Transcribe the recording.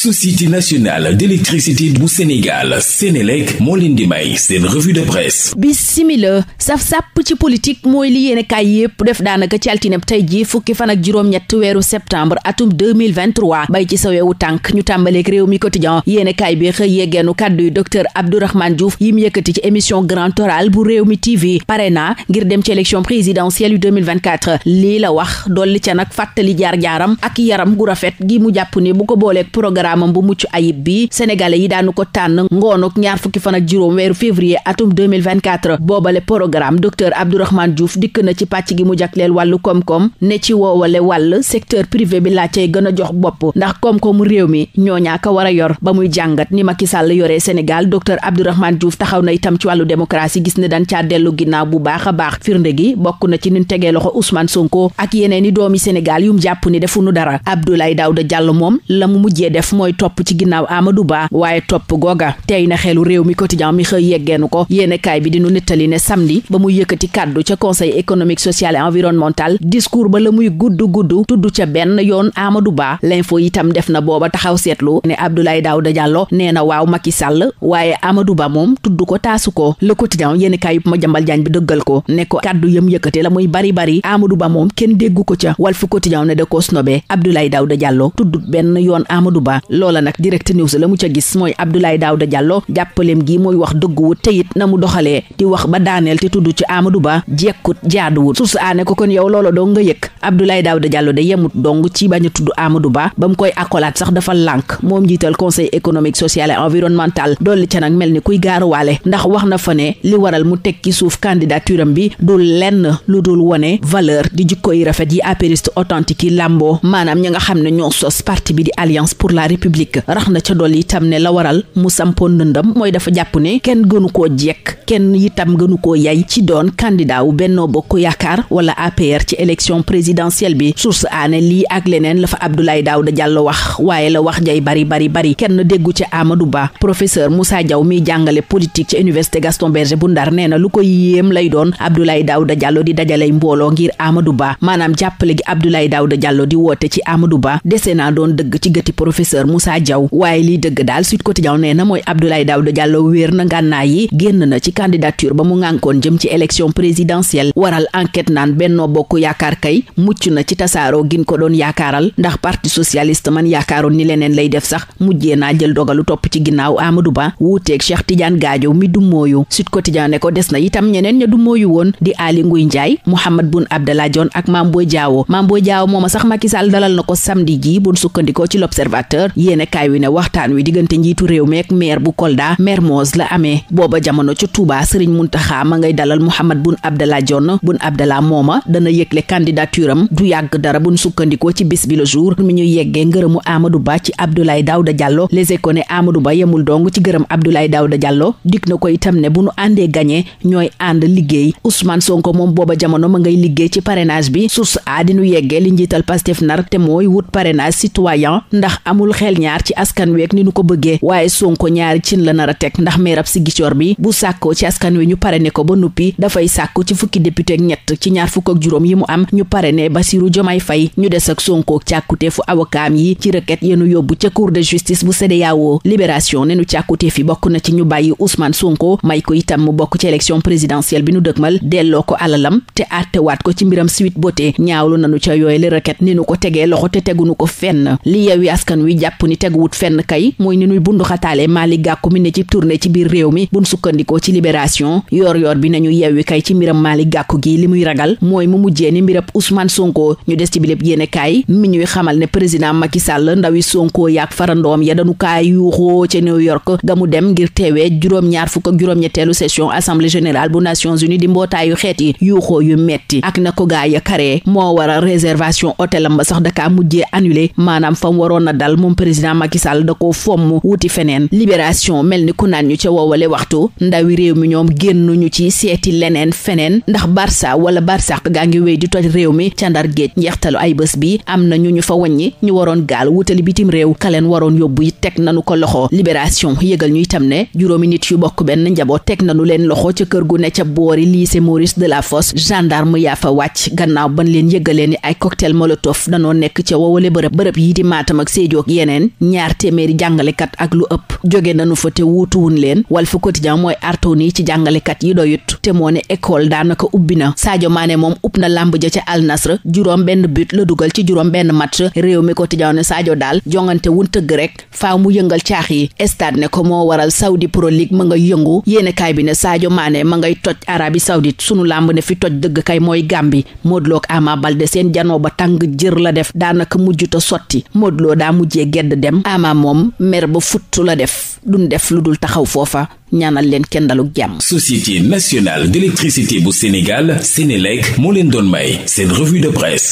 société nationale d'électricité bu Sénégal Sénélec moo leen di may seen revue de presse bi simila saf-sàpp ci politique mooy li yéene kaay yépp def daanaka ci altineb tey jii fukki fan ak juróom-ñett weeru septembre atum 2023 bay ci sawewu tànk ñu tàmbaleeg réew mi quotidien yéene kaay bi xëy yeggeenu kàddu yu docteur Abdourahmane Diouf yi mu yëkkati ci émission Grand Oral bu réew mi TV pare na ngir dem ci élection présidentielle yu 2024 lii la wax dolli ca nag fàttali jaar-jaaram ak yaram gu rafet gi mu jàpp ni bu ko booleeg programme programme bu mucc ayib bi sénégalais yi daanu ko tànn ngoonuk ñaar fukki fan ak juróom weeru février atum 2024 boobale programme docteur Abdourahmane Diouf dikk na ci pàcc gi mu jagleel wàllu koom-koom ne ci woowale wàll secteur privé bi laajtey gën a jox bopp ndax koom-koomu réew mi ñoo ñaa ko war a yor ba muy jàngat ni Macky Sall yoree Sénégal docteur Abdourahmane Diouf taxaw na itam ci wàllu démocratie gis ne dan caa dellu ginnaaw bu baax a baax firnde gi bokk na ci ñun tegee loxo Ousmane Sonko ak yeneen i doomi Sénégal yum jàpp ni defu nu dara Abdoulaye Daouda Diallo moom la mu mujjee mooy topp ci ginnaaw Amadou Ba waaye topp googa tey na xelu réew mi quotidien mi xëy yeggeenu ko yéenekaay bi dinu nettali ne samedi ba muy yëkkati kàddu ca conseil économique social et environnemental discours ba la muy gudd gudd tudd ca benn yoon Amadou Ba l'info itam def na booba taxaw seetlu ne Abdoulaye Daouda Diallo nee na waaw Macky sàll waaye amadu Ba moom tudd ko taasu ko le quotidien yéenekaay yu ma jambal jaañ bi dëggal ko ne ko kàddu yëm yëkkate la muy bari bari Amadou Ba moom kenn déggu ko ca Walf Quotidien ne da ko snobé Abdoulaye Daouda Diallo tuddut benn yoon Amadou Ba loola nag direct news la mu ca gis mooy Abdoulaye Daouda Diallo jàppaleem gi mooy wax dëgguwut te it na mu doxalee di wax ba daaneel te tudd ci Amadou Ba jekkut jaaduwut source aane ko kon yow loola doo nga yëg Abdoulaye Daouda Diallo de yemut dong ci bañ a tudd amadu Ba ba mu koy akolaat sax dafa lànk moom njiital conseil économique social et environnemental dolli ca nag mel ni kuy gaaruwaale ndax wax na fa ne li waral mu teg ci suuf candidature am bi du lenn lu dul wone valeur di jikko yi rafet yi apériste authentique yi làmboo maanaam ñi nga xam ne ñoo sos parti bi di alliance pour la république rax na ca dolli itam ne la waral mu sampoon ndëndam mooy dafa jàpp ne kenn gënu koo jekk kenn itam gënu koo yay ci doon candidat wu Benno Bokk Yaakaar wala APR ci élection présidentielle bi source aane lii ak leneen la fa Abdoulaye Daouda Diallo wax waaye la wax jay bari bari bari kenn déggu ci Amadou Ba professeur Moussa Diaw miy jàngale politique ci université Gaston Berger bu Ndar nee na lu ko yéem lay doon Abdoulaye Daouda Diallo di dajalay mbooloo ngir Amadou Ba maanaam jàppale gi Abdoulaye Daouda Diallo di woote ci Amadou Ba dese naa doon Moussa jaw waaye lii dëgg daal Sud Quotidien ne na mooy Abdoulaye Daouda Diallo wéer na ngànnaay yi génn na ci candidature ba mu ngànkoon jëm ci élection présidentielle waral enquête naan Benno Bokk Yaakaar kay mucc na ci tasaaroo gin ko doon yaakaaral ndax parti socialiste man yaakaaroon ni leneen lay def sax mujjee naa jël dogalu topp ci ginnaaw Amadou Ba wuuteeg Cheikh Tidiane gaajo mi du mooyu Sud Quotidien ne ko des na itam ñeneen ña du mooyu woon di Aly Ngouille Ndiaye Mouhamed Boun Abdallah Dionne ak Mame Boye Diao Mame Boye Diao mooma sax Macky Sall dalal na ko samedi ji buñ sukkandikoo ci l'observateur yéen kaay wi ne waxtaan wi diggante njiitu réew meek maire bu Kolda Mermoz la amee booba jamono ca Touba Serigne Mountakha ma ngay dalal Mouhamad Boun Abdallah Dionne Boun Abdallah mooma dana yëgle candidature am du yàgg dara buñ sukkandikoo ci bis bi le jour mi ñu yeggee ngërëmu Amadou Ba ci Abdoulaye Daouda Diallo Les Échos ne Amadou Ba yemul dong ci gërëm Abdoulaye Daouda Diallo dig na ko itam ne bu nu àndee gagné ñooy ànd liggéey Ousmane Sonko moom booba jamono ma ngay liggéey ci parrainage bi source a dinu yeggee li njiital Pastef nar te mooy wut parrainage citoyen ndax amul xeet xel ñaar ci askan week ni nu ko bëggee waaye Sonko ñaari cin la nar a teg ndax meerab si gicoor bi bu sàkkoo ci askan wi ñu parrainé ko ba nuppi dafay sàkku ci fukki député ak ñett ci ñaar fukk ak juróom yi mu am ñu parrainé Bassirou Diomaye Faye ñu des ak Sonko càkkute fu awakaam yi ci rëkket yenu yóbbu ca cour de justice bu CEDEAO libération ne nu càkkute fi bokk na ci ñu bàyyi Ousmane Sonko may ko itam mu bokk ci élection présidentielle bi nu dëkmal delloo ko alalam te àttewaat ko ci mbiram Sweet Beauté ñaawlu nanu ca yooyu li rëkket ni jàpp ni teguwut fenn kay mooy ni nuy bundu xataale Malick Gakou mi ne ci tournée ci biir réew mi buñ sukkandikoo ci libération yoor yoor bi nañu yewwi kay ci mbiram Malick Gakou gi li muy ragal mooy mu mujjee ni mbirab Ousmane Sonko ñu des ci bileb yéene kaay mi ñuy xamal ne président Macky Sall ndawi Sonko yaak farandoom ya dañu kaay yuuxoo ca New York ga mu dem ngir teewee juróom-ñaar fukk ak juróom-ñetteelu session assemblée générale bu Nations Unies di mbootaayu xeet yi yuuxoo yu metti ak na ko gaa ya karee moo waral réservation hôtelam ba sax dakaa mujjee président Macky da koo fomm wuti feneen libération mel ni ku naan ñu ca woowale waxtu ndawi réew mi ñoom génnuñu ci seeti leneen feneen ndax Barça wala Barsaq gaa ngi wéy di toj réew mi ca ndar géej njeextalu ay bés bi am na ñu ñu fa wàññi ñu waroon gaal wutali bitim réew kaleen waroon yóbbu yi teg nanu ko loxo libération yëgal ñu itam ne juróomi nit yu bokk benn njaboot teg nanu leen loxo ca kër gu ne ca boori lycée Maurice de la yaa fa wàcc gannaaw ban leen yëgalee ni ay cocktail molotov danoo nekk ca woowale bërëb feneen ñaar téeméeri jàngalekat ak lu ëpp jóge nañu fa te wuutuwun leen wal Walf Quotidien mooy artoon yi ci jàngalekat yi doyut te moo ne école daanaka ubbi na Sadio maane moom ub na làmb ja ca Al Nasr juróom benn biit la dugal ci juróom benn mat réew mi Quotidien ne saajo daal jongante wun tëgg rek faaw mu yëngal caax yi stade ne ko moo waral Saudi Pro League ma ngay yëngu yéenekaay bi ne saajo maane ma ngay toj Arabie Saoudite sunu làmb ne fi toj dëgg kay mooy Gàmbi Modou Lo ak Ama seen janoo ba tàng jër la def daa mujjee gedd dem ama moom mer ba futtu la def duñ def lu dul taxaw foofa ñaanal leen kenn dalu jàmm société nationale d'électricité bu Sénégal Sénélec moo leen doon may seen revue de presse